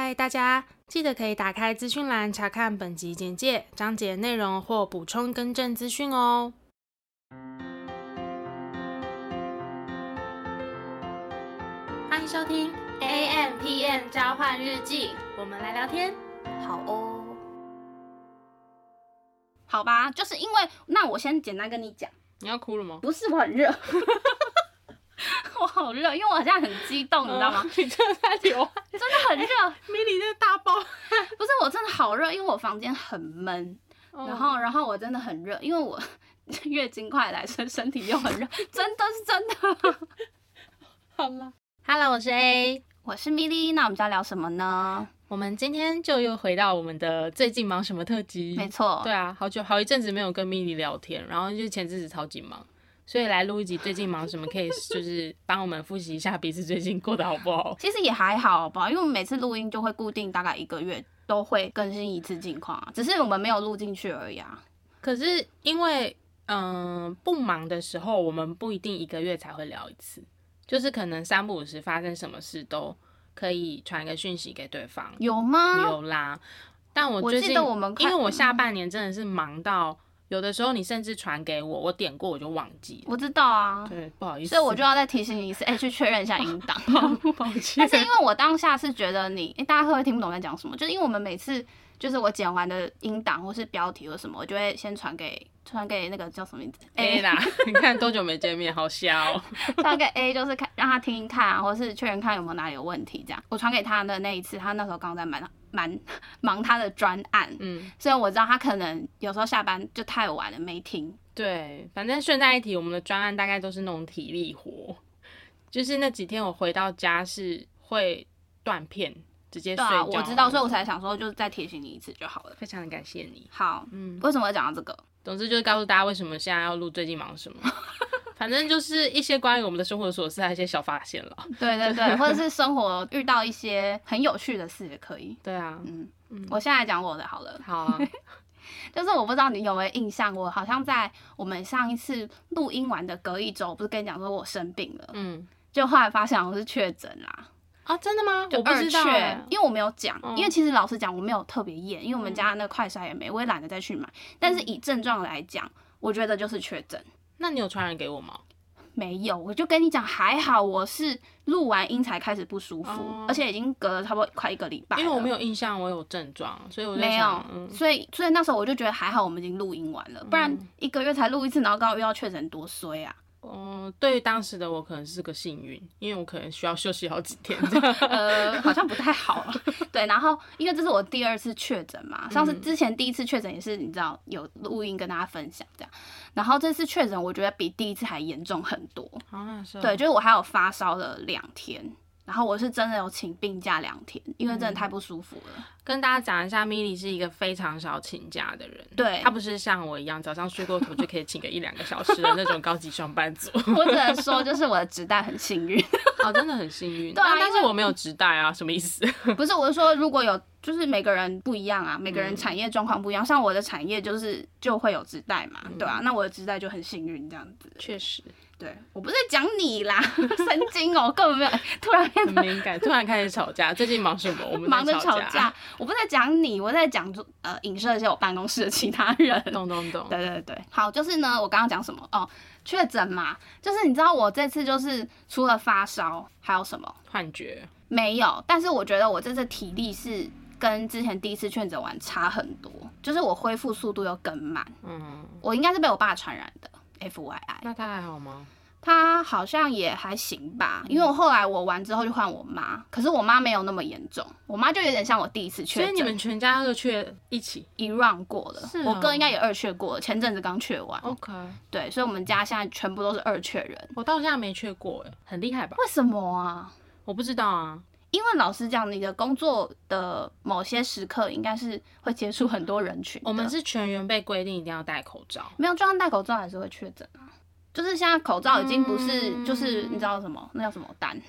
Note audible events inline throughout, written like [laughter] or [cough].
嗨，大家記得可以打開資訊欄查看本集簡介、章節內容或補充更正資訊哦。歡迎收聽 AMpm 交換日記，我們來聊天，好哦。好吧，就是因為，那我先簡單跟你講，你要哭了嗎？不是，我很熱。 [laughs] [laughs] 我好熱，因為我現在很激動，你知道嗎？哦、你真的在流汗， [laughs] 真的很熱。Milly，、哎、這大包， [laughs] 不是我真的好熱，因為我房間很悶、哦，然後，然後我真的很熱，因為我月經快來，所以身體又很熱，真的是真的。 [laughs] 好了，Hello，我是 A，我是 Milly，那我們要聊什麼呢？ [laughs] 我們今天就又回到我們的最近忙什麼特輯，沒錯，對啊，好久好一陣子沒有跟 Milly 聊天，然後就前陣子超級忙。所以來錄一集，最近忙什麼？可以就是幫我們複習一下彼此最近過得好不好？其實也還好吧，因為我們每次錄音就會固定大概一個月都會更新一次近況。只是我們沒有錄進去而已啊。可是因為嗯、呃、不忙的時候，我們不一定一個月才會聊一次，就是可能三不五時發生什麼事都可以傳個訊息給對方。有嗎？有啦。但我最近，我記得我們因為我下半年真的是忙到。有的時候你甚至傳給我，我點過我就忘記了。我知道啊，對，不好意思，所以我就要再提醒你一次，哎，欸，去確認一下音檔。 [laughs] 抱歉，但是因為我當下是覺得你，欸，大家會不會聽不懂在講什麼？就是因為我們每次。就是我剪完的音檔，或是標題，或什麼，我就會先傳給傳給那個叫什麼名字 A 啦。 [laughs] 你看多久沒見面，好笑哦。那個 A 就是看讓他聽聽看，或是確認看有沒有哪裡有問題這樣。我傳給他的那，那一次，他那時候剛在蠻蠻忙他的專案，嗯，所以我知道他可能有時候下班就太晚了沒聽。對，反正順帶一提，我們的專案大概都是那種體力活，就是那幾天我回到家是會斷片。直接說、啊、我知道，所以我才想說，就是再提醒你一次就好了。非常的感謝你。好，嗯，為什麼會講到這個？總之就是告訴大家為什麼現在要錄，最近忙什麼？ [laughs] 反正就是一些關於我們的生活瑣事，還有一些小發現了。對對對， [laughs] 或者是生活遇到一些很有趣的事也可以。對啊，嗯嗯，我現在來講我的好了。好啊。 [laughs] 就是我不知道你有沒有印象過，我好像在我們上一次錄音完的隔一周，不是跟你講說我生病了，嗯，就後來發現我是確診啦。啊，真的嗎？我不知道、欸，因為我沒有講。嗯，因為其實老實講，我沒有特別驗，因為我們家那個快篩也沒，我也懶得再去買。嗯，但是以症狀來講，我覺得就是確診。那你有傳染給我嗎？沒有，我就跟你講，還好我是錄完音才開始不舒服，嗯，而且已經隔了差不多快一個禮拜。因為我沒有印象，我有症狀，所以我就沒有。嗯，所以所以那時候我就覺得還好，我們已經錄音完了，嗯，不然一個月才錄一次，然後剛好又要確診，多衰啊！哦、呃，對於當時的我可能是個幸運，因為我可能需要休息好幾天這樣， [laughs] 呃，好像不太好了。 [laughs] 對，然後因為這是我第二次確診嘛，上次之前第一次確診也是你知道有錄音跟大家分享這樣，然後這次確診我覺得比第一次還嚴重很多。哦、嗯，那對，就是我還有發燒了兩天。然後我是真的有請病假兩天，因為真的太不舒服了。嗯、跟大家講一下 Mili 是一個非常少請假的人。對，他不是像我一樣早上睡過頭就可以請個一兩個小時的那種高級上班族。 [laughs] 我只能說，就是我的職代很幸運，好、 [laughs] 哦，真的很幸運。 [laughs] 對啊，但是我沒有職代啊，什麼意思？不是，我是說如果有，就是每個人不一樣啊，每個人產業狀況不一樣、嗯。像我的產業就是就會有職代嘛，對啊，嗯、那我的職代就很幸運這樣子。確實。對我不是在講你啦，神經哦，根本沒有， [laughs] 突然很敏感，突然開始吵架。 [laughs] 最近忙什麼？我們忙着吵架。吵架 [laughs] 我不是在講你，我在講就呃，影射一下我辦公室的其他人。懂懂懂。對對對。好，就是呢，我剛剛講什麼哦？確診嘛，就是你知道我這次就是除了發燒還有什麼？幻覺。沒有，但是我覺得我這次體力是跟之前第一次確診完差很多，就是我恢復速度又更慢。嗯。我應該是被我爸傳染的。F Y I，那他還好嗎？他好像也還行吧，因為我後來我完之後就換我媽，可是我媽沒有那麼嚴重，我媽就有點像我第一次確診，所以你們全家都確一起一 round 過了、哦，我哥應該也二確過了，前陣子剛確完。OK，對，所以我們家現在全部都是二確人。我到現在沒確過，哎，很厲害吧？為什麼啊？我不知道啊。因為老實講，你的工作的某些時刻應該是會接觸很多人群。我們是全員被規定一定要戴口罩，沒有就算戴口罩還是會確診啊。就是現在口罩已經不是，嗯、就是你知道什麼？那叫什麼單？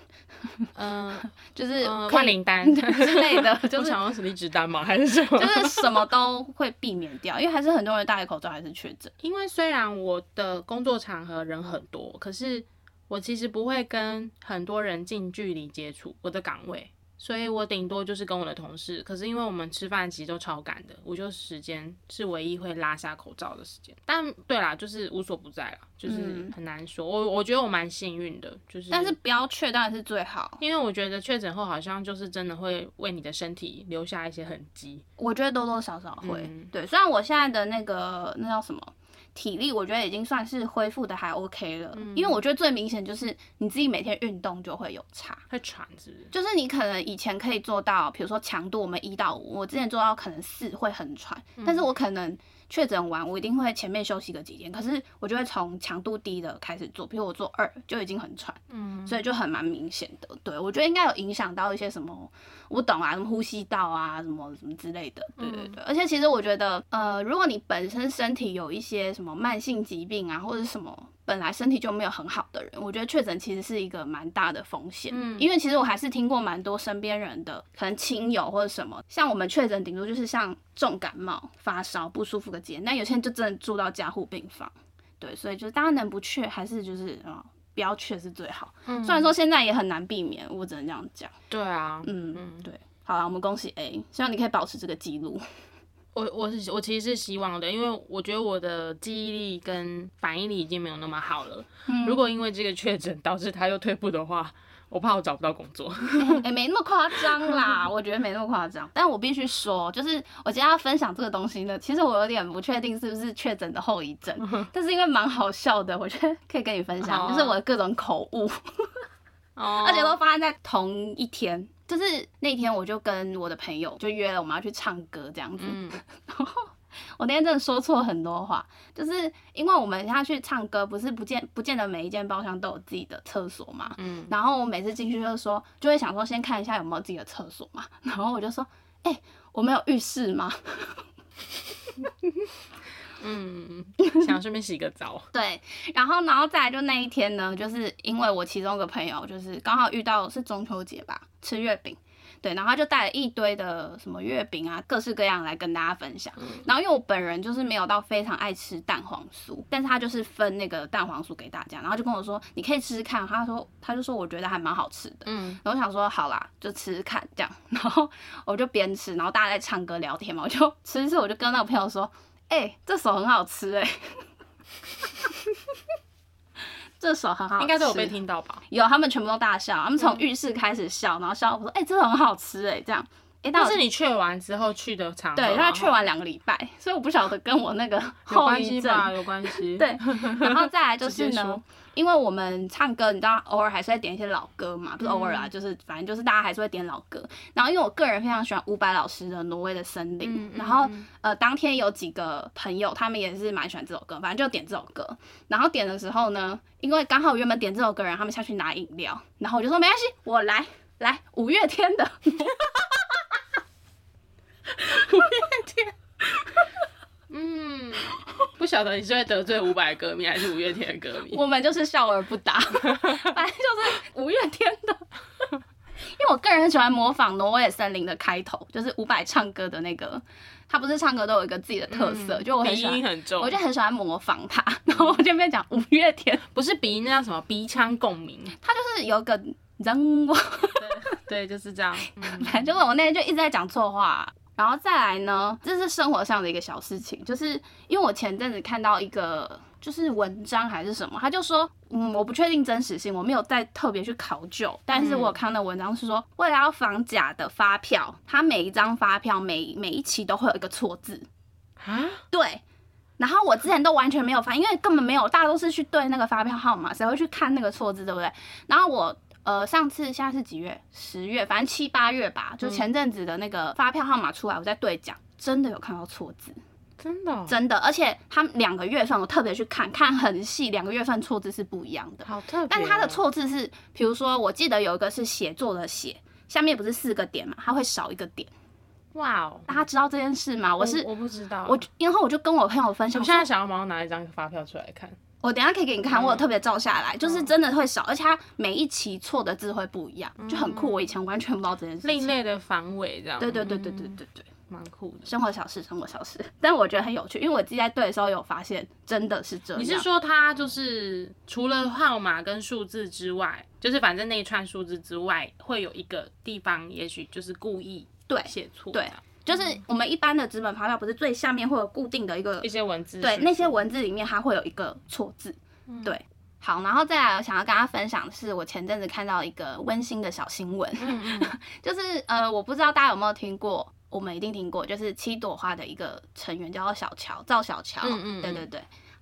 嗯、呃， [laughs] 就是快領、呃、單之類的，就是，想用什麼紙單嗎？還是什麼？就是什麼都會避免掉，因為還是很多人戴口罩還是確診。因為雖然我的工作場合人很多，可是我其實不會跟很多人近距離接觸，我的崗位，所以我頂多就是跟我的同事。可是因為我們吃飯其實都超趕的，午休時間是唯一會拉下口罩的時間。但對啦，就是無所不在啦，就是很難說。我我覺得我蠻幸運的，就是但是不要確當然是最好，因為我覺得確診後好像就是真的會為你的身體留下一些痕跡。我覺得多多少少會、嗯、對，雖然我現在的那個那叫什麼？體力我覺得已經算是恢復的還 OK 了，嗯，因為我覺得最明顯就是你自己每天運動就會有差，會喘是不是？就是你可能以前可以做到，比如說強度我們一到五，我之前做到可能四會很喘，嗯，但是我可能。確診完，我一定會前面休息個幾天。可是我就會從強度低的開始做，比如我做二就已經很喘，嗯，所以就很蠻明顯的。對，我覺得應該有影響到一些什麼，我懂啊，什麼呼吸道啊，什麼什麼之類的。對對對，嗯，而且其實我覺得，呃，如果你本身身體有一些什麼慢性疾病啊，或者什麼，本來身體就沒有很好的人，我覺得確診其實是一個蠻大的風險。嗯，因為其實我還是聽過蠻多身邊人的，可能親友或者什麼，像我們確診頂多就是像重感冒、發燒不舒服的節，那有些人就真的住到加護病房。對，所以就是大家能不確還是就是，啊，不要確是最好。嗯，雖然說現在也很難避免，我只能這樣講。對啊，嗯嗯對，好啦，我們恭喜 A，希望你可以保持這個記錄。我我是我其實是希望的，因為我覺得我的記憶力跟反應力已經沒有那麼好了。嗯、如果因為這個確診導致他又退步的話，我怕我找不到工作。哎、欸，沒那麼誇張啦， [laughs] 我覺得沒那麼誇張。但我必須說，就是我今天要分享這個東西呢，其實我有點不確定是不是確診的後遺症、嗯，但是因為蠻好笑的，我覺得可以跟你分享，哦、就是我的各種口誤、哦，而且都發生在同一天。就是那天，我就跟我的朋友就約了，我們要去唱歌這樣子。然後我那天真的說錯很多話，就是因為我們要去唱歌，不是不見不見得每一間包廂都有自己的廁所嘛。然後我每次進去就是說，就會想說先看一下有沒有自己的廁所嘛。然後我就說，哎，我沒有浴室嗎？ [laughs] 嗯，想要順便洗個澡。 [laughs] 對，然後，然後再來就那一天呢，就是因為我其中一個朋友，就是剛好遇到是中秋節吧，吃月餅。對，然後他就帶了一堆的什麼月餅啊，各式各樣來跟大家分享。嗯。然後因為我本人就是沒有到非常愛吃蛋黃酥，但是他就是分那個蛋黃酥給大家，然後就跟我說，你可以吃吃看。他說，他就說我覺得還蠻好吃的。嗯，然後我想說，好啦，就吃吃看這樣。然後我就邊吃，然後大家在唱歌聊天嘛，我就吃吃，我就跟那個朋友說。哎、欸，這手很好吃哎、欸！ [laughs] 這手很好吃，應該都有被聽到吧？有，他們全部都大笑，他們從浴室開始笑，嗯、然後笑到我說：“哎、欸，這手很好吃哎、欸！”這樣。哎、欸，但是你去完之後去的場，對，他去完兩個禮拜， [laughs] 所以我不曉得跟我那個後遺症有關係吧？有關係。 [laughs] 對，然後再來就是呢說，因為我們唱歌，你知道偶爾還是會點一些老歌嘛，不是偶爾啊、嗯，就是反正就是大家還是會點老歌。然後因為我個人非常喜歡伍佰老師的《挪威的森林》嗯嗯嗯，然後呃，當天有幾個朋友，他們也是蠻喜歡這首歌，反正就點這首歌。然後點的時候呢，因為剛好原本點這首歌人，他們下去拿飲料，然後我就說沒關係，我來來五月天的。 [laughs] 五月天， [laughs] 嗯，不曉得你是會得罪伍佰歌迷還是五月天的歌迷。我們就是笑而不答，反 [laughs] 正就是五月天的。因為我個人很喜歡模仿《挪威的森林》的開頭，就是伍佰唱歌的那個，他不是唱歌都有一個自己的特色，嗯、就我很喜歡鼻音很重，我就很喜歡模仿他。然後我就那邊講五月天、嗯、不是鼻音，那叫什麼鼻腔共鳴，他就是有個人對，對，就是這樣。反、嗯、正就是我那天就一直在講錯話。然後再來呢，這是生活上的一個小事情，就是因為我前陣子看到一個就是文章還是什麼，他就說，嗯，我不確定真實性，我沒有再特別去考究，但是我看到文章是說，為了要防假的發票，他每一張發票每每一期都會有一個錯字，啊，對，然後我之前都完全沒有發，因為根本沒有，大多數是去對那個發票號碼，誰會去看那個錯字，對不對？然後我。呃，上次現在是幾月？十月，反正七八月吧。嗯、就前陣子的那個發票號碼出來，我在兌獎，真的有看到錯字，真的、哦、真的。而且他們兩個月份我特別去看，看很細，兩個月份錯字是不一樣的。好特別、哦。但它的錯字是，比如說，我記得有一個是寫作的寫，下面不是四個點嘛，它會少一個點。哇、wow、哦！大家知道這件事嗎？我是我,我不知道、啊，我就然後我就跟我朋友分享，我現在想要馬上拿一張發票出來看。我等一下可以給你看，我有特別照下來、嗯，就是真的會少，哦，而且它每一期錯的字會不一樣、嗯，就很酷。我以前完全不知道這件事情的。另類的防偽，這樣。對對對對對對對，對，對，蠻、嗯、酷的。生活小事，生活小事，但我覺得很有趣，因為我自己在對的時候有發現，真的是這樣。你是說它就是除了號碼跟數字之外、嗯，就是反正那一串數字之外，會有一個地方，也許就是故意寫錯，對啊。對就是我們一般的紙本發票，不是最下面會有固定的一個一些文字是不是？對那些文字裡面它會有一個錯字、嗯，對。好，然後再來我想要跟大家分享的是，我前陣子看到一個溫馨的小新聞，嗯嗯 [laughs] 就是呃，我不知道大家有沒有聽過，我們一定聽過，就是七朵花的一個成員叫做小喬，趙小喬、嗯嗯嗯，對對對。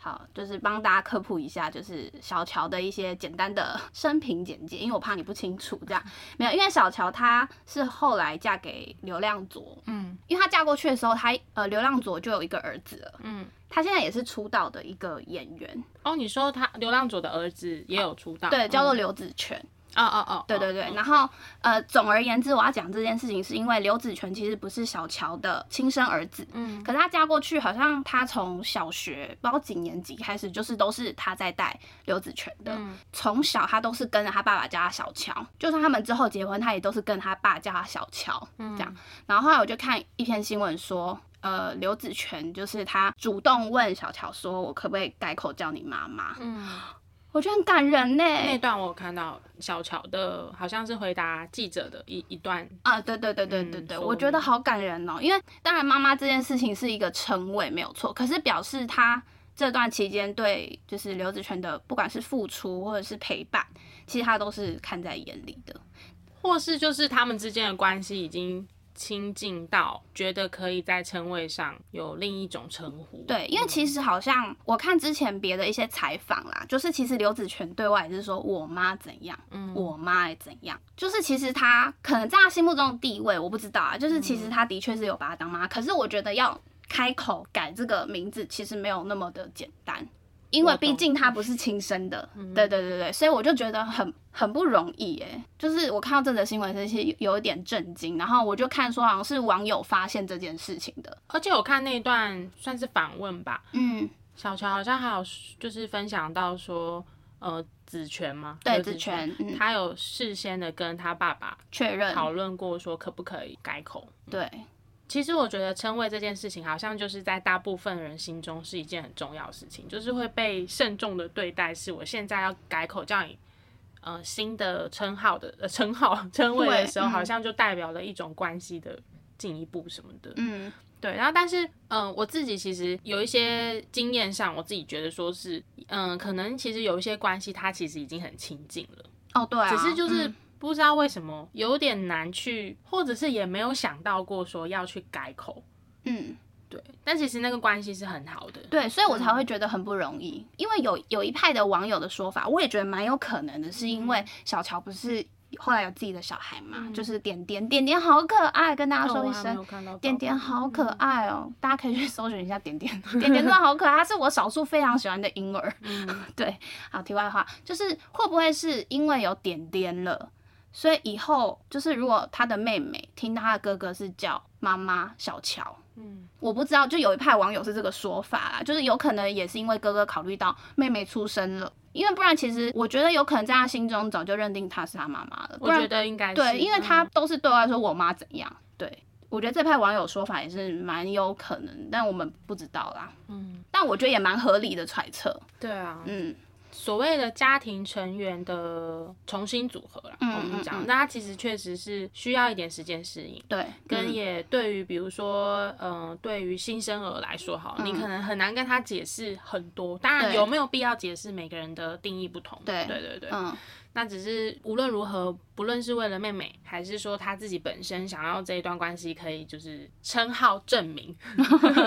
好，就是幫大家科普一下，就是小喬的一些簡單的生平簡介，因為我怕你不清楚。這樣沒有，因為小喬她是後來嫁給劉亮佐，嗯，因為她嫁過去的時候，她呃劉亮佐就有一個兒子了，嗯，她現在也是出道的一個演員。哦，你說她劉亮佐的兒子也有出道，嗯、對，叫做劉子權。哦哦哦，對對對，oh, oh, oh. 然後呃，總而言之，我要講這件事情，是因為劉子泉其實不是小喬的親生兒子，嗯，可是他嫁過去，好像他從小學不知道幾年級開始，就是都是他在帶劉子泉的，嗯，從小他都是跟着他爸爸叫他小喬，就算他們之後結婚，他也都是跟他爸叫他小喬，嗯，這樣。然後後來我就看一篇新聞說，呃，劉子泉就是他主動問小喬說，我可不可以改口叫你媽媽？嗯。我覺得很感人呢、欸。那段我看到小喬的，好像是回答記者的一一段啊，對對對對、嗯、對對，對，我覺得好感人哦。因為當然媽媽這件事情是一個稱謂沒有錯，可是表示她這段期間對，就是劉子權的不管是付出或者是陪伴，其實他都是看在眼裡的，或是就是他們之間的關係已經。親近到覺得可以在稱謂上有另一種稱呼。對，因為其實好像我看之前別的一些採訪啦，就是其實劉子權對外就是說我媽怎樣，嗯、我媽怎樣，就是其實他可能在他心目中的地位我不知道啊。就是其實他的確是有把他當媽、嗯，可是我覺得要開口改這個名字，其實沒有那麼的簡單。因為畢竟他不是親生的，嗯，對對對對，所以我就覺得很很不容易哎。就是我看到這則新聞時，是有一點震驚。然後我就看說，好像是網友發現這件事情的。而且我看那段算是訪問吧，嗯，小喬好像還有就是分享到說，呃，子權嗎？對，子權，嗯，他有事先的跟他爸爸確認討論過，說可不可以改口？嗯、對。其實我覺得稱謂這件事情，好像就是在大部分人心中是一件很重要的事情，就是會被慎重的對待。是我現在要改口叫你呃新的稱號的、呃、稱號稱謂的時候，好像就代表了一種關係的進一步什麼的。嗯，對。然後，但是嗯、呃，我自己其實有一些經驗上，我自己覺得說是嗯、呃，可能其實有一些關係，它其實已經很親近了。哦、對、啊，只是就是。嗯不知道為什麼有點難去，或者是也沒有想到過說要去改口，嗯，對。但其實那個關係是很好的，對，所以我才會覺得很不容易。嗯、因為有有一派的網友的說法，我也覺得蠻有可能的，是因為小喬不是後來有自己的小孩嘛，嗯、就是點點點點好可愛，跟大家說一聲、哦，點點好可愛哦，嗯、大家可以去搜尋一下點點，點點真的好可愛， [laughs] 它是我少數非常喜歡的嬰兒。嗯、 [laughs] 對。好，題外話，就是會不會是因為有點點了？所以以後就是，如果他的妹妹聽到他的哥哥是叫媽媽小喬，嗯，我不知道，就有一派網友是這個說法啦，就是有可能也是因為哥哥考慮到妹妹出生了，因為不然其實我覺得有可能在他心中早就認定他是他媽媽了不然，我覺得應該對，嗯，因為他都是對外說我媽怎樣，對我覺得這派網友說法也是蠻有可能，但我們不知道啦，嗯，但我覺得也蠻合理的揣測。對啊，嗯。所謂的家庭成員的重新組合啦，嗯、我們講、嗯嗯，那他其實確實是需要一點時間適應。對，嗯、跟也對於比如說，嗯、呃，對於新生兒來說好，好、嗯，你可能很難跟他解釋很多。當然，有沒有必要解釋，每個人的定義不同。對，對對對。嗯。那只是無論如何，不論是為了妹妹，還是說他自己本身想要這一段關係可以就是稱號正名、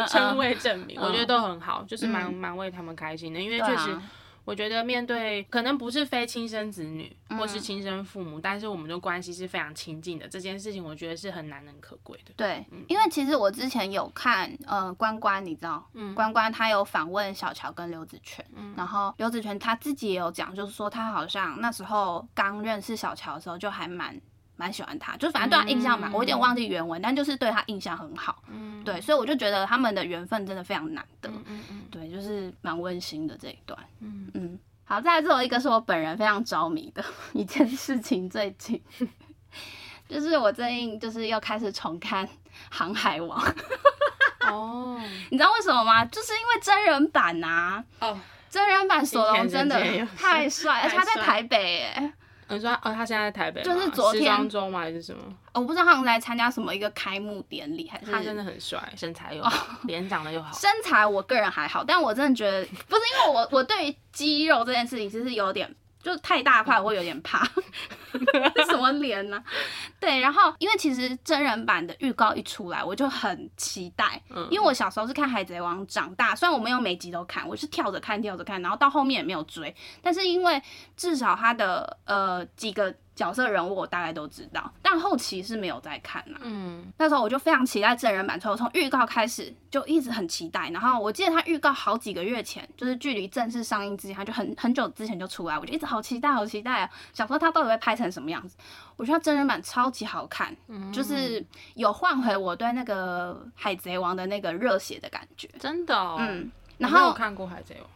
稱謂正名，我覺得都很好，就是蠻蠻、嗯、為他們開心的，因為確實。我覺得面對可能不是非親生子女或是親生父母，嗯、但是我們的關係是非常親近的這件事情，我覺得是很難能可貴的。對，嗯、因為其實我之前有看呃關關，你知道、嗯，關關他有訪問小喬跟劉子泉、嗯，然後劉子泉他自己也有講，就是說他好像那時候剛認識小喬的時候就還蠻。蠻喜歡他，就反正對他印象蠻、嗯，我有點忘記原文、嗯，但就是對他印象很好、嗯。對，所以我就覺得他們的緣分真的非常難得。嗯嗯嗯、對，就是蠻溫馨的這一段。嗯嗯。好，再來最後一個是我本人非常着迷的一件事情，最近、嗯、就是我最近就是又開始重看《航海王》嗯。 [laughs] 哦。你知道為什麼嗎？就是因為真人版啊。哦。真人版索隆真的太帥，而且他在台北哎。你說，哦，他現在在台北，就是、昨天時裝週嗎？還是什麼？哦、我不知道他們來參加什麼一個開幕典禮還是。他真的很帥，身材又好，臉、哦、長得又好。身材我個人還好，但我真的覺得不是因為我， [laughs] 我對於肌肉這件事情其實有點。就太大塊，我會有點怕。 [laughs] 什麼臉呢、啊？ [laughs] 對，然後因為其實真人版的預告一出來，我就很期待。嗯、因為我小時候是看海賊王長大，雖然我沒有每集都看，我是跳着看，跳着看，然後到後面也沒有追。但是因為至少它的呃幾個。角色人物我大概都知道，但後期是沒有再看了。嗯，那時候我就非常期待真人版，從從預告開始就一直很期待。然後我記得他預告好幾個月前，就是距離正式上映之前，他就很很久之前就出來，我就一直好期待，好期待啊！想說他到底會拍成什麼樣子。我覺得他真人版超級好看，嗯、就是有喚回我對那個海賊王的那個熱血的感覺。真的、哦，嗯，然後看過海賊王。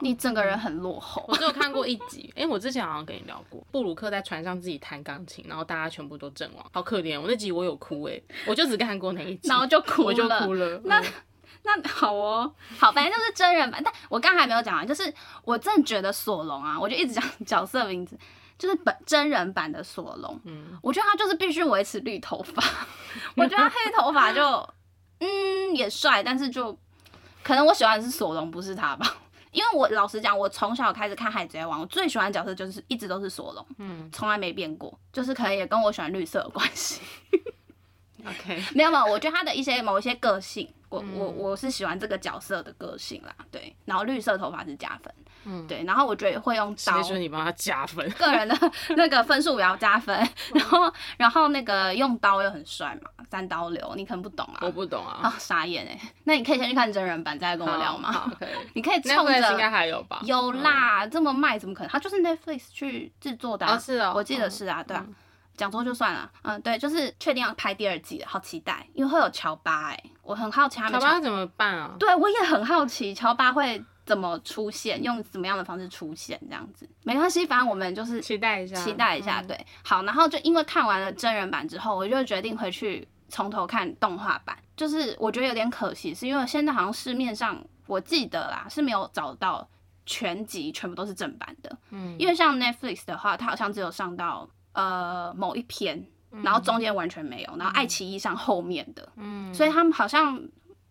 你整個人很落後、嗯。我只有看過一集，哎、！ [laughs] 欸，我之前好像跟你聊過，布魯克在船上自己彈鋼琴，然後大家全部都陣亡，好可憐。我那集我有哭、欸，哎，我就只看過那一集，然後就哭了，我就哭了。嗯、那那好哦，好，反正就是真人版。 [laughs] 但我剛才還沒有講完，就是我真的覺得索隆啊，我就一直講角色名字，就是本真人版的索隆。嗯，我覺得他就是必須維持綠頭髮， [laughs] 我覺得他黑頭髮就 [laughs] 嗯也帥，但是就可能我喜歡的是索隆，不是他吧。因為我老實講，我從小開始看《海賊王》，我最喜歡的角色就是一直都是索隆，嗯，從來沒變過，就是可能也跟我喜歡綠色有關係。 [laughs] OK，沒有沒有，我覺得他的一些某一些個性，我、嗯、我我是喜歡這個角色的個性啦，對，然後綠色頭髮是加分。嗯、對，然後我覺得也會用刀，其實你幫他加分，個人的那個分數也要加分， [laughs] 然後然後那個用刀又很帥嘛，三刀流，你可能不懂啊，我不懂啊，哦、傻眼哎，那你可以先去看真人版，再來跟我聊嘛，okay. 你可以衝着、Netflix、應該還有吧，有啦、嗯，這麼賣怎麼可能？他就是 Netflix 去製作的啊，啊，是哦，我記得是啊，哦、對啊，講、嗯、錯就算了，嗯，對，就是確定要拍第二季，好期待，因為會有喬巴哎、欸，我很好奇他們喬巴，巴怎麼辦啊，對我也很好奇喬巴會。怎麼出現？用怎麼樣的方式出現？這樣子沒關係，反正我們就是期待一下，期待一下、嗯，對，好。然後就因為看完了真人版之後，我就決定回去從頭看動畫版。就是我覺得有點可惜，是因為現在好像市面上，我記得啦是沒有找到全集，全部都是正版的。嗯。因為像 Netflix 的話，它好像只有上到呃某一篇，然後中間完全沒有，然後愛奇藝上後面的，嗯，所以他們好像。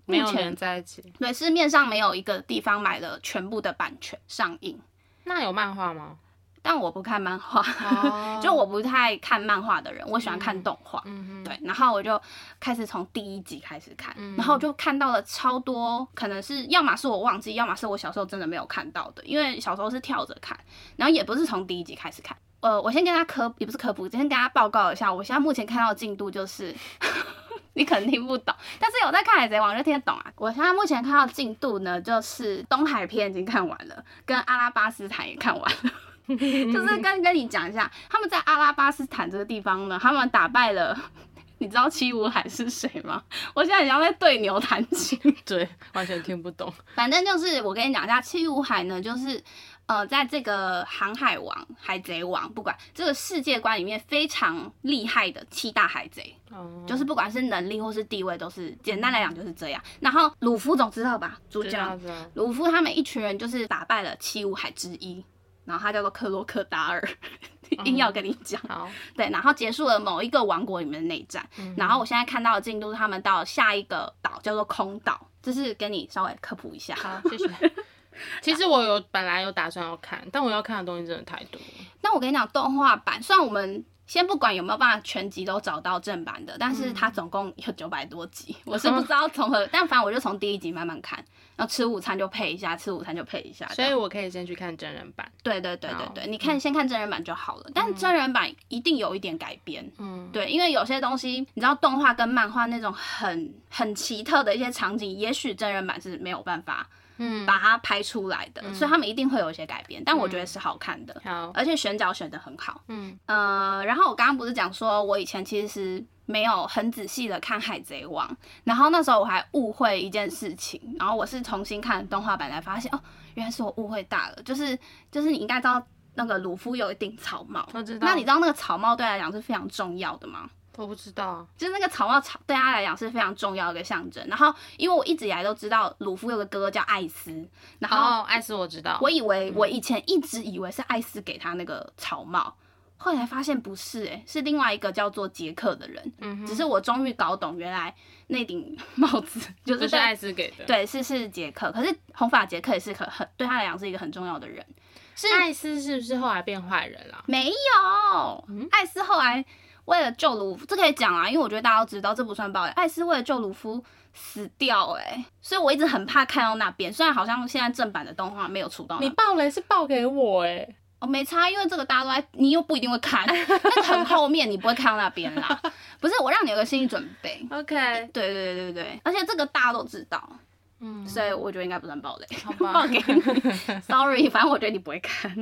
沒有人在一起。對，市面上沒有一個地方買了全部的版權上映。那有漫畫嗎？但我不看漫畫，oh. [laughs] 就我不太看漫畫的人，我喜歡看動畫。嗯嗯。對，然後我就開始從第一集開始看，mm -hmm. 然後就看到了超多，可能是要麼是我忘記，要麼是我小時候真的沒有看到的，因為小時候是跳着看，然後也不是從第一集開始看。呃，我先跟他科，也不是科普，先跟他報告一下，我現在目前看到的進度就是。 [laughs] 你可能聽不懂，但是有在看《海賊王》就聽得懂啊。我現在目前看到的進度呢，就是東海篇已經看完了，跟阿拉巴斯坦也看完了。 [laughs] 就是跟跟你講一下，他們在阿拉巴斯坦這個地方呢，他們打敗了，你知道七武海是誰嗎？我現在好像在對牛彈琴，對，完全聽不懂。反正就是我跟你講一下，七武海呢，就是。呃，在這個《航海王》《海賊王》不管這個世界觀裡面非常厲害的七大海賊，嗯，就是不管是能力或是地位，都是簡單來講就是這樣。然後魯夫總知道吧？主角魯夫他們一群人就是打敗了七武海之一，然後他叫做克洛克達爾，嗯、 [laughs] 硬要跟你講。對，然後結束了某一個王國裡面的內戰，嗯。然後我現在看到的進度是他們到下一個島叫做空島，這是跟你稍微科普一下。好，謝謝。 [laughs] 其實我有、啊、本來有打算要看，但我要看的東西真的太多了。那我跟你講，動畫版，雖然我們先不管有沒有辦法全集都找到正版的，但是它總共有九百多集，嗯，我是不知道從何，哦。但反正我就從第一集慢慢看，然後吃午餐就配一下，吃午餐就配一下。所以，我可以先去看真人版。對對對對對，你看，嗯，先看真人版就好了。但真人版一定有一點改編，嗯，對，因為有些東西你知道，動畫跟漫畫那種很很奇特的一些場景，也許真人版是沒有辦法。嗯，把它拍出來的、嗯，所以他們一定會有一些改變，嗯、但我覺得是好看的，嗯、而且選角選得很好，嗯，呃，然後我剛剛不是講說我以前其實沒有很仔細的看《海賊王》，然後那時候我還誤會一件事情，然後我是重新看動畫版才發現哦，原來是我誤會大了，就是就是你應該知道那個魯夫有一頂草帽，那你知道那個草帽對來講是非常重要的嗎？我不知道、啊，就是那個草帽草，草對他來講是非常重要的一個象徵。然後，因為我一直以來都知道魯夫有個哥哥叫艾斯，然後、哦、艾斯我知道。我以為我以前一直以為是艾斯給他那個草帽，嗯、後來發現不是、欸，哎，是另外一個叫做傑克的人。嗯、只是我終於搞懂，原來那頂帽子就是是艾斯給的。對，是是傑克，可是紅髮傑克也是很對他來講是一個很重要的人。是艾斯是不是後來變壞人了、啊？沒有、嗯，艾斯後來。為了救魯夫，這可以講啊，因為我覺得大家都知道，這不算爆雷。艾斯為了救魯夫死掉，欸，哎，所以我一直很怕看到那邊。雖然好像現在正版的動畫沒有出到，你爆雷是爆給我，欸，哎，哦，沒差，因為這個大家都在，你又不一定會看， [laughs] 但很後面你不會看到那邊啦。不是，我讓你有個心理準備。 [laughs] OK。對對對對對，而且這個大家都知道。嗯， [noise] 所以我覺得應該不算暴雷，暴 [laughs] 給你，sorry，反正我覺得你不會看。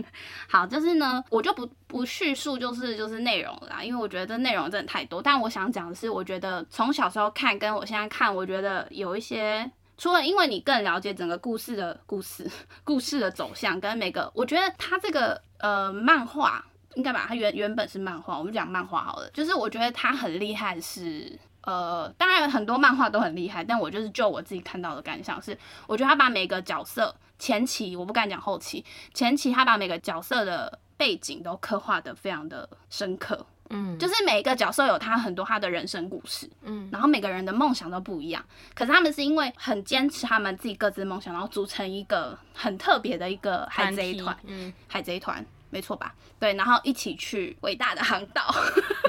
好，就是呢，我就不不敘述，就是，就是就是內容啦，因為我覺得內容真的太多。但我想講的是，我覺得從小時候看跟我現在看，我覺得有一些，除了因為你更了解整個故事的故事故事的走向跟每個，我覺得它這個呃漫畫應該吧，它原原本是漫畫，我們講漫畫好了。就是我覺得它很厲害是。呃，當然有很多漫畫都很厲害，但我就是就我自己看到的感想是，我覺得他把每個角色前期，我不敢講後期，前期他把每個角色的背景都刻畫得非常的深刻，嗯，就是每個角色有他很多他的人生故事，嗯，然後每個人的夢想都不一樣，可是他們是因為很堅持他們自己各自的夢想，然後組成一個很特別的一個海賊團，嗯，海賊團。沒錯吧？對，然後一起去偉大的航道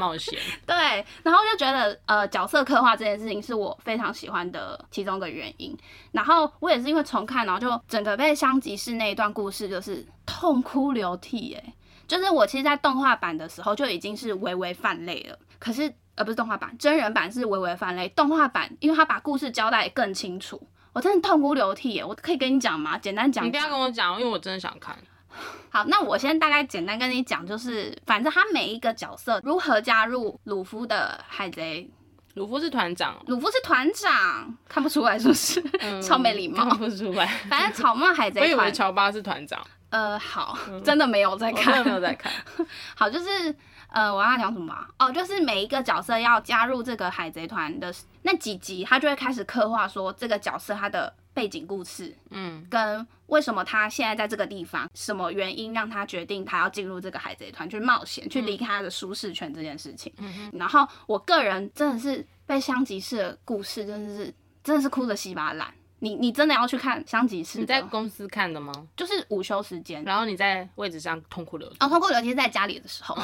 冒險。 [laughs] 對，然後就覺得呃，角色刻畫這件事情是我非常喜歡的其中一個原因。然後我也是因為重看，然後就整個被香吉士那一段故事就是痛哭流涕哎！就是我其實在動畫版的時候就已經是微微泛淚了，可是呃不是動畫版，真人版是微微泛淚，動畫版因為他把故事交代更清楚，我真的痛哭流涕哎！我可以跟你講嗎？簡單講。你不要跟我講，因為我真的想看。好，那我先大概簡單跟你講，就是反正他每一個角色如何加入魯夫的海賊。魯夫是團長、哦。魯夫是團長，看不出來是不是，說、嗯、是超沒禮貌？看不出來。反正草帽海賊團，喬巴是團長。呃，好、嗯，真的沒有在看，沒有在看。 [laughs] 好，就是呃，我要講什麼、啊、哦，就是每一個角色要加入這個海賊團的那幾集，他就會開始刻畫說這個角色他的。背景故事，嗯，跟為什麼他現在在這個地方，什麼原因讓他決定他要進入這個海賊團去冒險，去離開他的舒適圈這件事情，嗯，然後我個人真的是被香吉士的故事，真的是真的是哭的稀巴爛。你你真的要去看香吉士？你在公司看的嗎？就是午休時間，然後你在位置上痛哭流涕。啊、哦，痛哭流涕，在家裡的時候，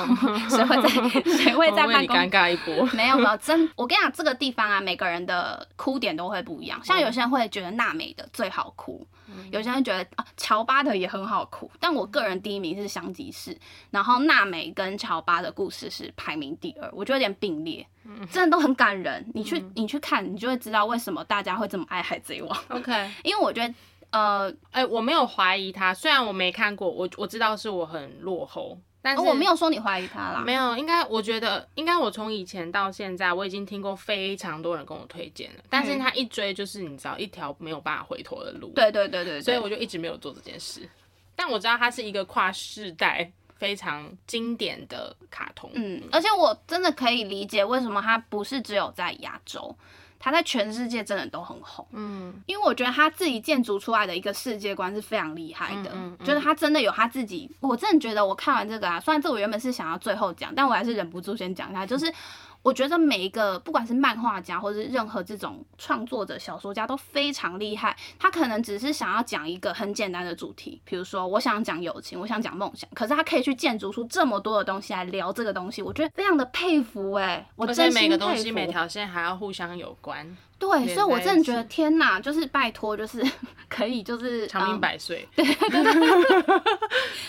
誰、哦、會在誰會在辦公尷尬一波？沒有沒有，真我跟你講，這個地方啊，每個人的哭點都會不一樣。像有些人會覺得娜美的最好哭。 [noise] 有些人覺得啊，喬巴的也很好哭，但我個人第一名是香吉士，然後娜美跟喬巴的故事是排名第二，我覺得有點並列，真的都很感人。 [laughs] 你去你去看，你就會知道為什麼大家會這麼愛海賊王。OK，因為我覺得呃，哎、欸，我沒有懷疑他，雖然我沒看過，我我知道是我很落後。但是沒有哦，我沒有說你懷疑他啦，沒有，應該我覺得應該我從以前到現在我已經聽過非常多人跟我推薦了，但是他一追就是你知道一條沒有辦法回頭的路，嗯，對，對，對對對對，所以我就一直沒有做這件事。但我知道它是一個跨世代非常經典的卡通，嗯，而且我真的可以理解為什麼它不是只有在亞洲。他在全世界真的都很紅，嗯，因為我覺得他自己建築出來的一個世界觀是非常厲害的，嗯嗯嗯，就是他真的有他自己，我真的覺得我看完這個啊，雖然這我原本是想要最後講，但我還是忍不住先講一下，就是。嗯我覺得每一個不管是漫畫家或者是任何這種創作者、小說家都非常厲害。他可能只是想要講一個很簡單的主題，比如說我想講友情，我想講夢想。可是他可以去建築出這麼多的東西來聊這個東西，我覺得非常的佩服哎、欸，我在每個東西每條線還要互相有關。對，所以我真的覺得天哪，就是拜託，就是可以就是長命百歲，嗯，對，對，對 [laughs] [laughs]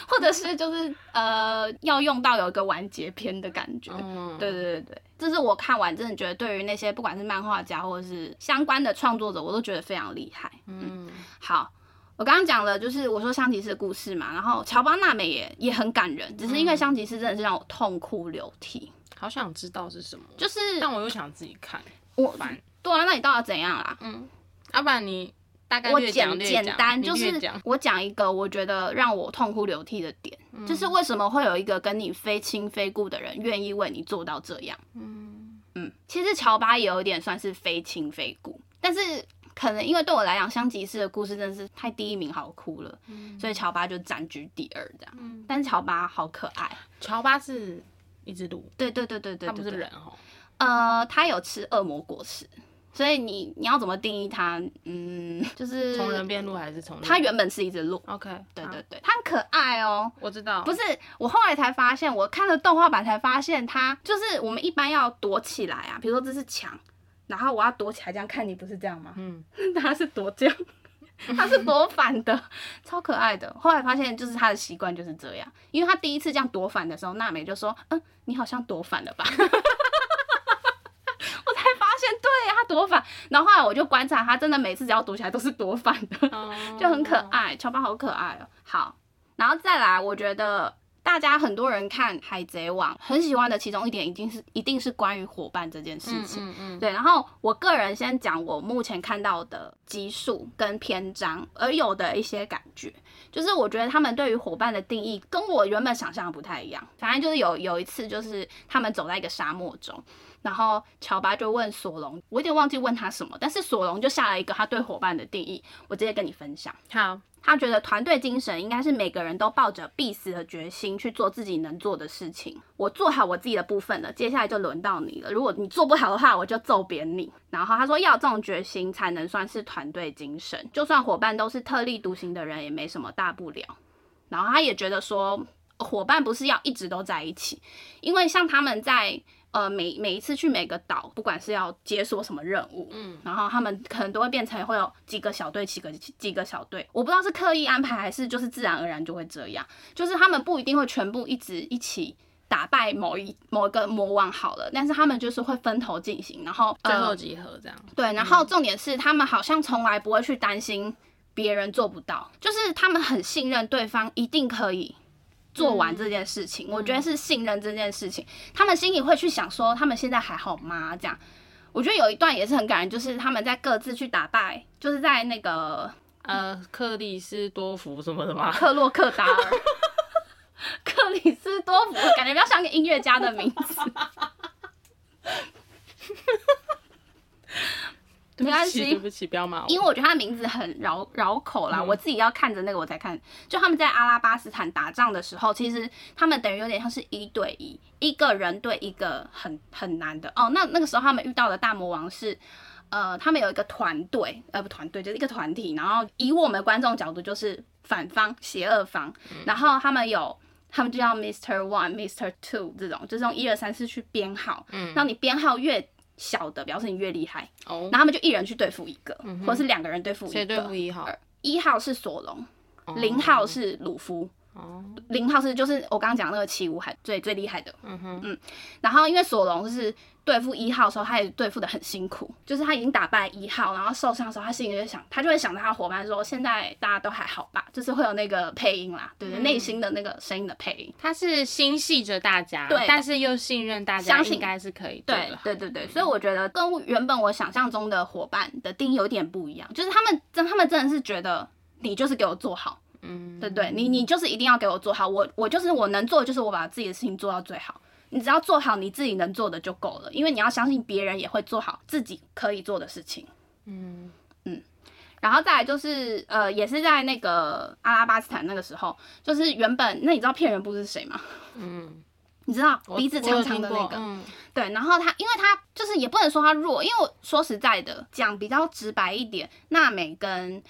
或者是就是呃要用到有一個完結篇的感覺，嗯，對對對對。這是我看完真的覺得，對於那些不管是漫畫家或者是相關的創作者，我都覺得非常厲害嗯。嗯，好，我剛剛講了，就是我說香吉士的故事嘛，然後喬巴、娜美也也很感人，只是因為香吉士真的是讓我痛哭流涕、嗯，好想知道是什麼，就是，但我又想自己看，我玩對啊，那你到底怎樣啦？嗯，阿凡你。大概我講簡單，簡單就是我講一個我覺得讓我痛哭流涕的點，嗯、就是為什麼會有一個跟你非親非故的人願意為你做到這樣？嗯，嗯其實喬巴也有點算是非親非故，但是可能因為對我來講，香吉士的故事真的是太第一名好哭了，嗯、所以喬巴就暫居第二這樣。嗯、但喬巴好可愛。喬巴是一隻鹿。對對對對，對，對，對，對，對他不是人哈。呃，他有吃惡魔果實。所以你你要怎麼定義它？嗯，就是從人變鹿還是從……人？它原本是一隻鹿。OK，對對對，它很可愛哦，喔。我知道，不是我後來才發現，我看了動畫版才發現它，它就是我們一般要躲起來啊。比如說這是牆，然後我要躲起來，這樣看你不是這樣嗎？嗯，它是躲這樣，它是躲反的，嗯，超可愛的。後來發現就是它的習慣就是這樣，因為它第一次這樣躲反的時候，娜美就說：“嗯，你好像躲反了吧。 [laughs] ”讀反，然後後來我就觀察他，真的每次只要讀起來都是讀反的，oh. [laughs] 就很可愛，喬巴好可愛哦。好，然後再來，我覺得大家很多人看《海賊王》很喜歡的其中一點，一定是一定是關於夥伴這件事情。嗯，嗯，嗯。對，然後我個人先講我目前看到的集數跟篇章而有的一些感覺，就是我覺得他們對於夥伴的定義跟我原本想象的不太一樣。反正就是有有一次，就是他們走在一個沙漠中。然後喬巴就問索隆，我有點忘記問他什麼，但是索隆就下了一個他對夥伴的定義，我直接跟你分享。好，他覺得團隊精神應該是每個人都抱着必死的決心去做自己能做的事情。我做好我自己的部分了，接下來就輪到你了。如果你做不好的話，我就揍扁你。然後他說要這種決心才能算是團隊精神，就算夥伴都是特立獨行的人也沒什麼大不了。然後他也覺得說夥伴不是要一直都在一起，因為像他們在。呃，每每一次去每個島，不管是要解鎖什麼任務，嗯，然後他們可能都會變成會有幾個小隊，幾個幾個小隊，我不知道是刻意安排還是就是自然而然就會這樣，就是他們不一定會全部一直一起打敗某一某一個魔王好了，但是他們就是會分頭進行，然後最後集合這樣。呃、對、嗯，然後重點是他們好像從來不會去擔心別人做不到，就是他們很信任對方一定可以。做完這件事情、嗯，我覺得是信任這件事情。嗯、他們心裡會去想說，他們現在還好嗎？這樣，我覺得有一段也是很感人，就是他們在各自去打敗，就是在那個呃，克里斯多福什麼的嗎？克洛克達爾， [laughs] 克里斯多福，我感覺比較像個音樂家的名字。 [laughs] [laughs] 沒關係，對不起，不要嘛。因為我覺得他的名字很繞繞口啦、嗯，我自己要看着那個我才看。就他們在阿拉巴斯坦打仗的時候，其實他們等於有點像是一對一，一個人對一個很很難的哦。Oh, 那那個時候他們遇到的大魔王是，呃，他們有一個團隊，呃，不團隊就是一個團體，然後以我們的觀眾角度就是反方、邪惡方、嗯，然後他們有他們就叫 Mister One、Mister Two 這種，就是用一二三四去編號，嗯，那你編號越。小的表示你越厲害，oh. 然後他們就一人去對付一個，mm -hmm. 或者是兩個人對付一個。誰對付一號？一號是索隆，oh. 零號是魯夫。Oh. 零號是就是我剛剛講的那個七武海最最厲害的。嗯、mm、哼 -hmm. 嗯，然後因為索隆、就是。對付一號的時候，他也對付得很辛苦。就是他已經打敗一號，然後受傷的時候，他心裡就想，他就會想到他的伙伴說：“現在大家都還好吧？”就是會有那個配音啦，對、嗯、對，內心的那個聲音的配音。他是心繫着大家，對，但是又信任大家，相信應該是可以的。對對對對，所以我覺得跟原本我想象中的伙伴的定義有點不一樣。就是他們真，他們真的是覺得你就是給我做好，嗯，對對，你你就是一定要給我做好，我我就是我能做的就是我把自己的事情做到最好。你只要做好你自己能做的就夠了，因為你要相信別人也會做好自己可以做的事情。嗯嗯，然後再來就是呃，也是在那個阿拉巴斯坦那個時候，就是原本那你知道騙人布是誰嗎？嗯，你知道鼻子長長的那個、嗯，對，然後他因為他就是也不能說他弱，因為說實在的講比較直白一點，娜美跟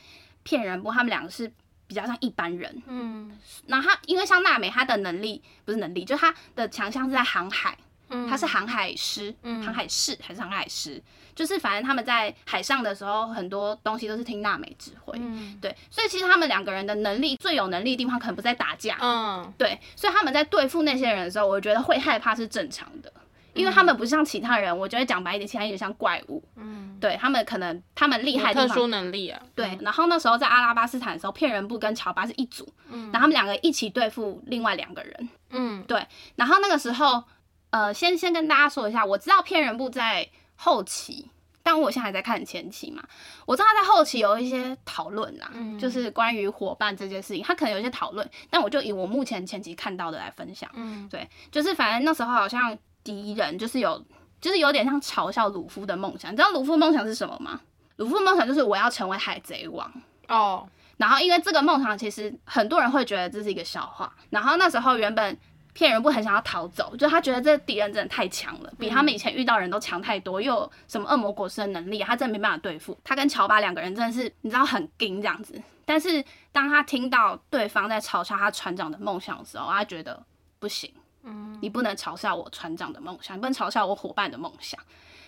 騙人布他們兩個是。比較像一般人，嗯，那他因為像娜美，他的能力不是能力，就他的強項是在航海，嗯，他是航海師，嗯，航海士還是航海師？就是反正他們在海上的時候，很多東西都是聽娜美指揮，嗯，對，所以其實他們兩個人的能力，最有能力的地方可能不在打架，嗯，對，所以他們在對付那些人的時候，我覺得會害怕是正常的。因為他們不像其他人，嗯、我覺得講白一點，其他有點像怪物。嗯，對，他們可能他們厲害特殊能力啊。對、嗯，然後那時候在阿拉巴斯坦的時候，騙人部跟喬巴是一組。嗯，然後他們兩個一起對付另外兩個人。嗯，對。然後那個時候，呃，先先跟大家說一下，我知道騙人部在後期，但我現在還在看前期嘛。我知道他在後期有一些討論啦，就是關於夥伴這件事情，他可能有一些討論，但我就以我目前前期看到的來分享。嗯，對，就是反正那時候好像。敵人就是有，就是有點像嘲笑魯夫的夢想。你知道魯夫夢想是什麼嗎？魯夫夢想就是我要成為海賊王哦。Oh. 然後因為這個夢想，其實很多人會覺得這是一個笑話。然後那時候原本騙人不很想要逃走，就他覺得這敵人真的太強了，比他們以前遇到人都強太多，又有什麼惡魔果實的能力，他真的沒辦法對付。他跟喬巴兩個人真的是，你知道很驚這樣子。但是當他聽到對方在嘲笑他船長的夢想的時候，他覺得不行。嗯，你不能嘲笑我船長的夢想，你不能嘲笑我夥伴的夢想，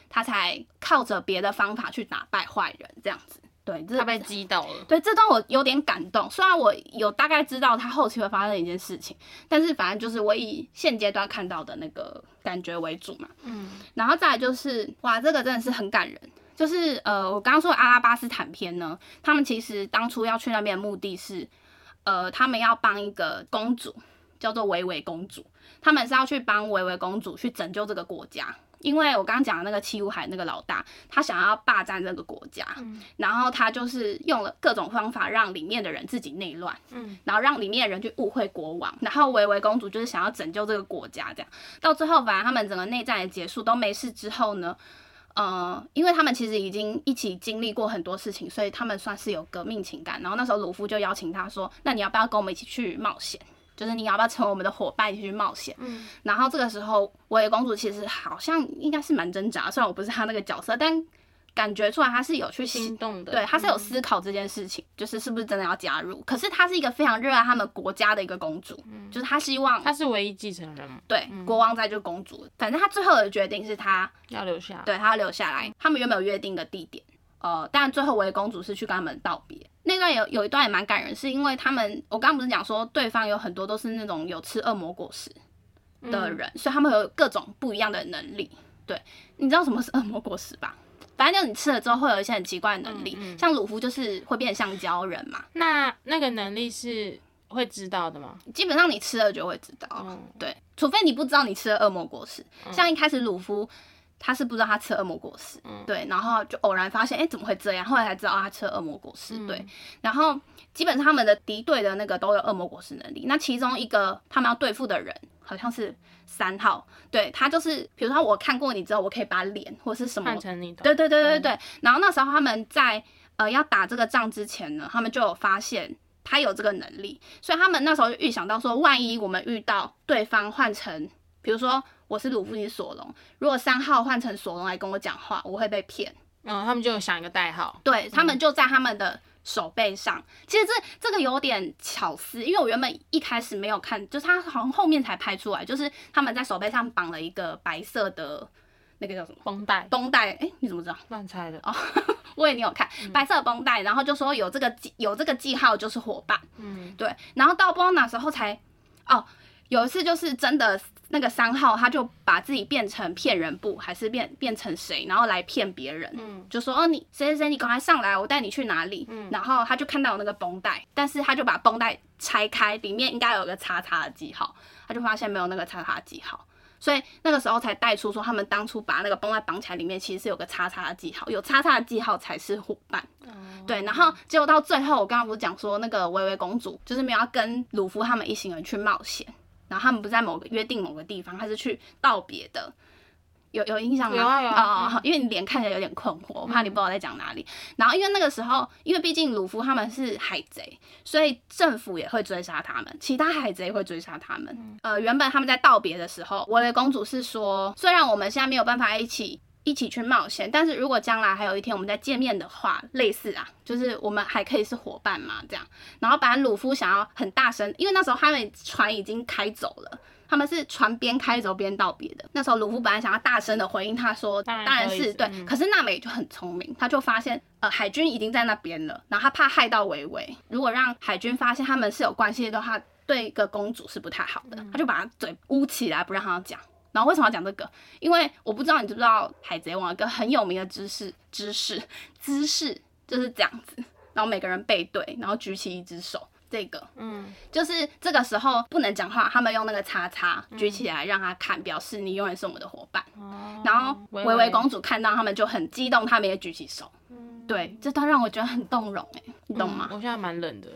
他才靠着別的方法去打敗壞人，這樣子，對，這他被擊倒了，對，這讓我有點感動，雖然我有大概知道他後期會發生一件事情，但是反正就是我以現階段看到的那個感覺為主嘛，嗯，然後再來就是，哇，這個真的是很感人，就是呃，我剛剛說的阿拉巴斯坦篇呢，他們其實當初要去那邊的目的是，呃，他們要幫一個公主，叫做薇薇公主。他們是要去幫維維公主去拯救這個國家，因為我剛剛講的那個七武海那個老大，他想要霸佔這個國家，嗯，然後他就是用了各種方法讓裡面的人自己內亂，嗯，然後讓裡面的人去誤會國王，然後維維公主就是想要拯救這個國家這樣。到最後，反正他們整個內戰也結束都沒事之後呢，呃，因為他們其實已經一起經歷過很多事情，所以他們算是有革命情感。然後那時候魯夫就邀請他說，那你要不要跟我們一起去冒險？就是你要不要成為我們的伙伴一起去冒險？嗯，然後這個時候，薇薇公主其實好像應該是蠻掙扎，雖然我不是她那個角色，但感覺出來她是有去心動的，對，她是有思考這件事情、嗯，就是是不是真的要加入。可是她是一個非常熱愛他們國家的一個公主，嗯、就是她希望她是唯一繼承人，對、嗯，國王在就公主，反正她最後的決定是她要留下，對，她要留下來。他、嗯、們有沒有約定的地點？呃，但最後薇薇公主是去跟他們道別。那段有有一段也蠻感人，是因為他們，我剛剛不是講說對方有很多都是那種有吃惡魔果實的人、嗯，所以他們有各種不一樣的能力。對，你知道什麼是惡魔果實吧？反正就是你吃了之後會有一些很奇怪的能力，嗯嗯，像魯夫就是會變成橡膠人嘛。那那個能力是會知道的嗎？基本上你吃了就會知道，嗯、對，除非你不知道你吃了惡魔果實，像一開始魯夫。嗯嗯他是不知道他吃了惡魔果實、嗯，對，然後就偶然發現，誒、欸，怎麼會這樣？後來才知道他吃了惡魔果實、嗯，對。然後基本上他們的敵對的那個都有惡魔果實能力。那其中一個他們要對付的人好像是三號，對他就是，比如說我看過你之後，我可以把臉或是什麼換成你對對對對對對、嗯。然後那時候他們在呃要打這個仗之前呢，他們就有發現他有這個能力，所以他們那時候就預想到說，萬一我們遇到對方換成，比如說。我是魯夫尼索隆，嗯、如果三號換成索隆來跟我講話，我會被騙。嗯，他們就有想一個代號。對、嗯、他們就在他們的手背上。其實這這個有點巧思，因為我原本一開始沒有看，就是他好像後面才拍出來，就是他們在手背上綁了一個白色的那個叫什麼繃帶？繃帶？哎、欸，你怎麼知道？亂猜的哦。Oh, [laughs] 我以為你有看、嗯、白色繃帶，然後就說有這個記有這個記號就是伙伴。嗯，對。然後到不知道哪時候才哦，有一次就是真的。那個三號他就把自己變成騙人布，還是變變成誰，然後來騙別人。嗯，就說哦，你誰誰誰，你趕快上來，我帶你去哪裡、嗯。然後他就看到有那個繃帶，但是他就把繃帶拆開，裡面應該有個叉叉的記號，他就發現沒有那個叉叉的記號，所以那個時候才帶出說他們當初把那個繃帶綁起來，裡面其實是有個叉叉的記號，有叉叉的記號才是夥伴、嗯。對，然後結果到最後，我剛剛不是講說那個薇薇公主就是沒有要跟魯夫他們一行人去冒險。然後他們不是在某個約定某個地方，他是去道別的，有有印象嗎？啊、哦嗯、因為你臉看起來有點困惑，我怕你不知道在講哪裡、嗯。然後因為那個時候，因為畢竟魯夫他們是海賊，所以政府也會追殺他們，其他海賊也會追殺他們。嗯、呃，原本他們在道別的時候，薇薇公主是說，雖然我們現在沒有辦法一起。一起去冒險，但是如果將來還有一天我們再見面的話，類似啊，就是我們還可以是夥伴嘛，這樣。然後本來魯夫想要很大聲，因為那時候他們船已經開走了，他們是船邊開走邊道別的。那時候魯夫本來想要大聲的回應，他說，當然是，當然是，嗯，對。可是娜美就很聰明，他就發現呃海軍已經在那邊了，然後他怕害到薇薇。如果讓海軍發現他們是有關係的話，對一個公主是不太好的，他就把他嘴捂起來，不讓他講。然後為什麼要講這個？因為我不知道你知不知道《海賊王》一個很有名的姿勢，姿勢，姿勢就是這樣子。然後每個人背對，然後舉起一隻手，這個，嗯，就是這個時候不能講話，他們用那個叉叉舉起來讓他看，嗯、表示你永遠是我們的夥伴。哦、然後薇薇公主看到他們就很激動，他們也舉起手。嗯、對，這段讓我覺得很動容、欸，誒，你懂嗎？嗯、我現在蠻冷的。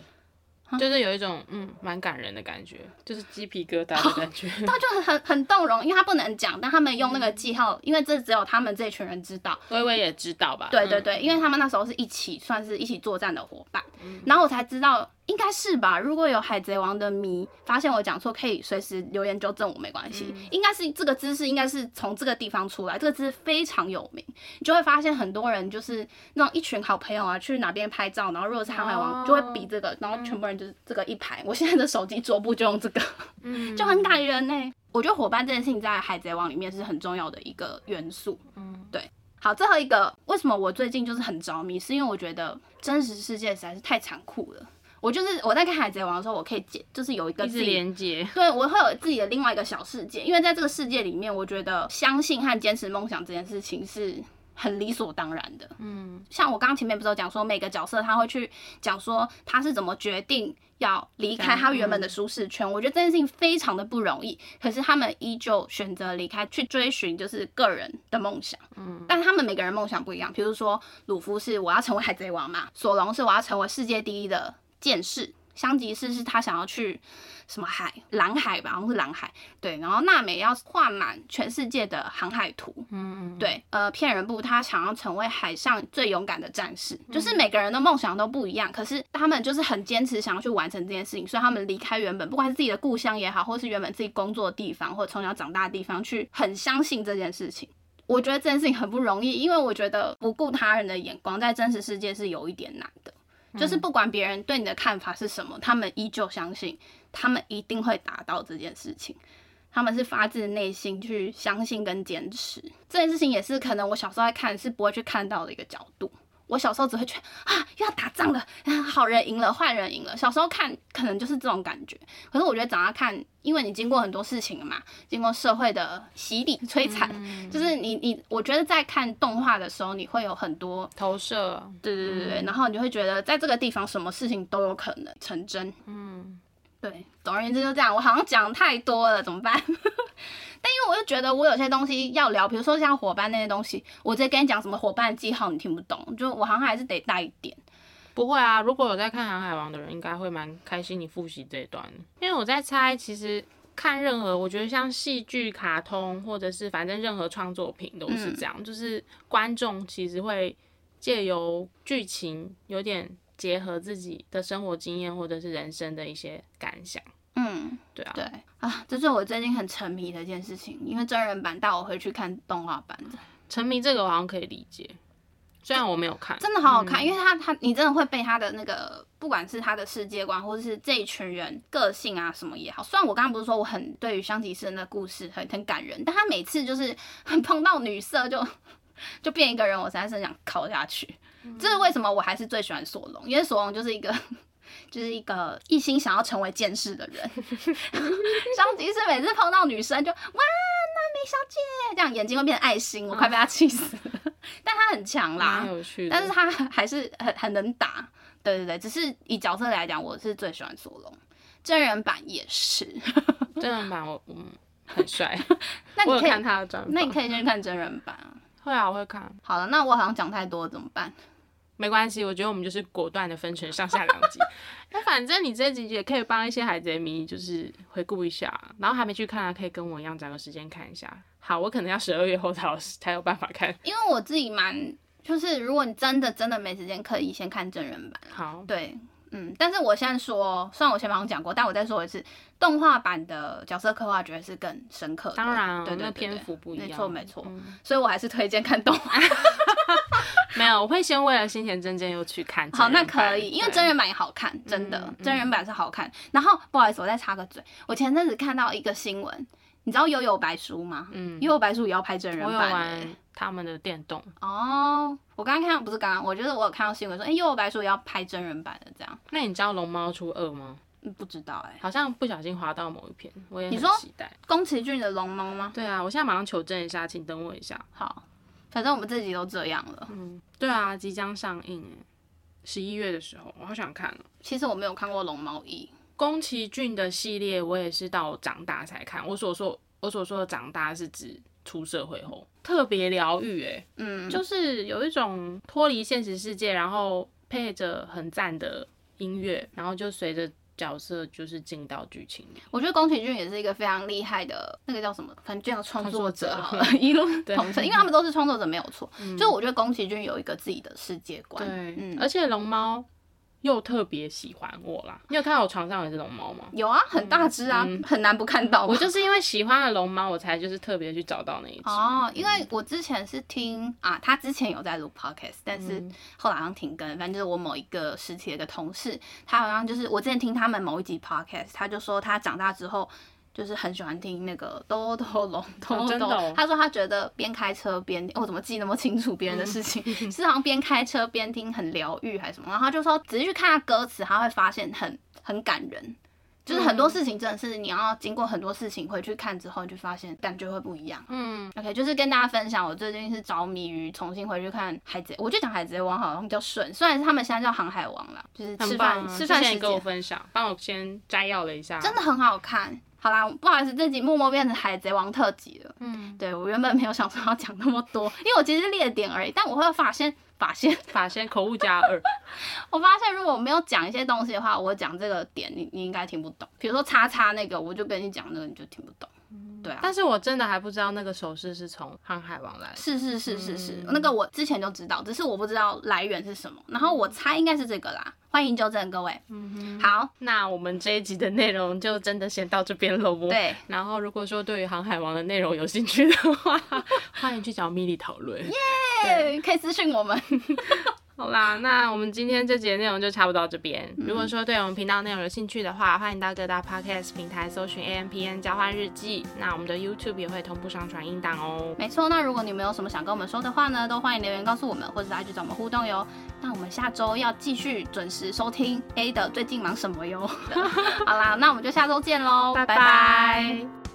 就是有一種嗯蠻感人的感覺，就是雞皮疙瘩的感覺，他、oh, 就很很動容，因為他不能講，但他們用那個記號、嗯，因為這只有他們這群人知道，薇薇也知道吧？對對對、嗯，因為他們那時候是一起算是一起作戰的夥伴、嗯，然後我才知道。應該是吧，如果有海賊王的迷發現我講錯，可以隨時留言糾正我，沒關係、嗯。應該是這個姿勢，應該是從這個地方出來。這個姿勢非常有名，你就會發現很多人就是那種一群好朋友啊去哪邊拍照，然後如果是海，航海王就會比這個、哦，然後全部人就是這個一排。嗯、我現在的手機桌布，就用這個，嗯、 [laughs] 就很感人呢、欸。我覺得伙伴這件事情在海賊王裡面是很重要的一個元素。嗯，對。好，最後一個，為什麼我最近就是很着迷？是因為我覺得真實世界實在是太殘酷了。我就是我在看海賊王的時候，我可以解，就是有一個一直連接，對，我會有自己的另外一個小世界，因為在這個世界裡面，我覺得相信和堅持夢想這件事情是很理所當然的。嗯，像我剛剛前面不是有講說，每個角色他會去講說他是怎麼決定要離開他原本的舒適圈，我覺得這件事情非常的不容易，可是他們依舊選擇離開去追尋就是個人的夢想。嗯，但他們每個人夢想不一樣，比如說魯夫是我要成為海賊王嘛，索隆是我要成為世界第一的。劍士，香吉士是他想要去什麼海，藍海吧，好像是藍海。對，然後娜美要畫滿全世界的航海圖。嗯，嗯，對，呃，騙人布他想要成為海上最勇敢的戰士，就是每個人的夢想都不一樣，可是他們就是很堅持想要去完成這件事情，所以他們離開原本不管是自己的故鄉也好，或是原本自己工作的地方，或者從小長大的地方，去很相信這件事情。我覺得這件事情很不容易，因為我覺得不顧他人的眼光，在真實世界是有一點難的。就是不管別人對你的看法是什麼，嗯，他們依舊相信，他們一定會達到這件事情。他們是發自內心去相信跟堅持這件事情，也是可能我小時候在看是不會去看到的一個角度。我小時候只會覺得啊，又要打仗了，好人贏了，壞人贏了。小時候看，可能就是這種感覺。可是我覺得長大看，因為你經過很多事情了嘛，經過社會的洗禮摧殘、嗯，就是你你，我覺得在看動畫的時候，你會有很多投射，對、嗯、對對對，然後你就會覺得在這個地方，什麼事情都有可能成真，嗯。對，總而言之就這樣。我好像講太多了，怎麼辦？ [laughs] 但因為我就覺得我有些東西要聊，比如說像夥伴那些東西，我直接跟你講什麼夥伴的記號你聽不懂，就我好像還是得帶一點。不會啊，如果有在看《航海王》的人，應該會蠻開心你複習這一段，因為我在猜，其實看任何我覺得像戲劇、卡通或者是反正任何創作品都是這樣，嗯、就是觀眾其實會借由劇情有點，結合自己的生活經驗或者是人生的一些感想，嗯，對啊，對啊，這是我最近很沉迷的一件事情。因為真人版，帶我回去看動畫版的。沉迷這個，我好像可以理解，雖然我沒有看，嗯、真的好好看，嗯、因為他他，你真的會被他的那個，不管是他的世界觀，或者是，是這一群人個性啊什麼也好。雖然我剛剛不是說我很對於香吉士的那故事很很感人，但他每次就是碰到女色就就變一個人，我實在是想靠下去。這是為什麼？我還是最喜歡索隆，因為索隆就是一個，就是一個一心想要成為劍士的人。香 [laughs] 吉士每次碰到女生就哇，娜美小姐，這樣眼睛會變愛心，我快被她氣死了。但她很強啦，但是她還是很很能打。對對對，只是以角色來講，我是最喜歡索隆，真人版也是。真人版我嗯很帥， [laughs] 那你可以看他的照片，那你可以先看真人版。會啊，我會看。好了，那我好像講太多了，怎麼辦？沒關係，我覺得我們就是果斷的分成上下兩集。那 [laughs] 反正你這幾集也可以幫一些海賊迷，就是回顧一下。然後還沒去看啊，可以跟我一樣找個時間看一下。好，我可能要十二月後才才有辦法看，因為我自己蠻就是，如果你真的真的沒時間，可以先看真人版。好，對。嗯，但是我先說，雖然我前面有講過，但我再說一次，動畫版的角色刻畫絕對是更深刻的。當然、哦，對，對，對，對，那篇幅不一樣。沒錯，沒錯、嗯。所以我還是推薦看動畫。嗯、 [laughs] 沒有，我會先為了新田真劍佑去看。好，那可以對，因為真人版也好看，真的、嗯嗯，真人版是好看。然後，不好意思，我再插個嘴，我前陣子看到一個新聞，你知道幽遊、嗯《幽遊白書》嗎？《幽遊白書》也要拍真人版、欸。他們的電動哦、oh，我剛剛看到，不是剛剛，我覺得我有看到新聞說，哎、欸，《幽遊白書》要拍真人版的這樣。那你知道《龍貓》出二嗎？嗯，不知道哎、欸，好像不小心劃到某一篇，我也很期待，你說宮崎駿的《龍貓》嗎？對啊，我現在馬上求證一下，請等我一下。好，反正我們這集都這樣了。嗯，對啊，即將上映，十一月的時候，我好想看。其實我沒有看過龍貓《龍貓》一，宮崎駿的系列我也是到長大才看。我所說我所說的長大是指。出社會後特別療癒欸，嗯，就是有一種脫離現實世界，然後配着很讚的音樂，然後就隨着角色就是進到劇情裡。我覺得宮崎駿也是一個非常厲害的那個叫什麼，反正叫創作者好了， [laughs] 一律統稱，因為他們都是創作者沒有錯、嗯。就我覺得宮崎駿有一個自己的世界觀，對，嗯，而且龍貓。又特別喜歡我啦！你有看到我床上有隻龍貓嗎？有啊，很大隻啊、嗯，很難不看到。我就是因為喜歡了龍貓，我才就是特別去找到那一隻。哦，因為我之前是聽啊，他之前有在錄 podcast，、嗯、但是後來好像停更。反正就是我某一個實體的同事，他好像就是我之前聽他們某一集 podcast，他就說他長大之後。就是很喜歡聽那個多多隆，真的。他說他覺得邊開車邊我怎麼記那麼清楚別人的事情？嗯、是好像邊開車邊聽，很療癒還是什麼？然後他就說仔細去看下歌詞，他會發現很很感人。就是很多事情真的是你要經過很多事情回去看之後，就發現感覺會不一樣。嗯，OK，就是跟大家分享，我最近是着迷於重新回去看海賊。我就講海賊王好像比較叫順，雖然是他們現在叫航海王啦，就是吃飯、啊、吃飯時跟我分享，幫我先摘要了一下，真的很好看。好啦，不好意思，自己默默變成海賊王特輯了。嗯，對，我原本沒有想說要講那麼多，因為我其實是列點而已。但我會發現，發現，發現口誤加二。我發現，如果我沒有講一些東西的話，我講這個點，你你應該聽不懂。比如說叉叉那個，我就跟你講那個，你就聽不懂。啊、但是我真的還不知道那個手勢是從航海王來的。是是是是是，嗯，那個我之前就知道，只是我不知道來源是什麼。然後我猜應該是這個啦，歡迎糾正各位。嗯哼，好，那我們這一集的內容就真的先到這邊了。對，然後如果說對於航海王的內容有興趣的話， [laughs] 歡迎去找米莉討論。耶，yeah!，可以私信我們。 [laughs] 好啦，那我們今天這集的內容就差不多到這邊，嗯。如果說對我們頻道內容有興趣的話，歡迎到各大 podcast 平台搜尋 AMpm 交換日記。那我們的 YouTube 也會同步上傳音檔哦，喔。沒錯，那如果你們有什麼想跟我們說的話呢，都歡迎留言告訴我們，或者來去找我們互動喲。那我們下周要繼續準時收聽 A 的最近忙什麼喲。 [laughs] 好啦，那我們就下周見嘍，拜拜。拜拜。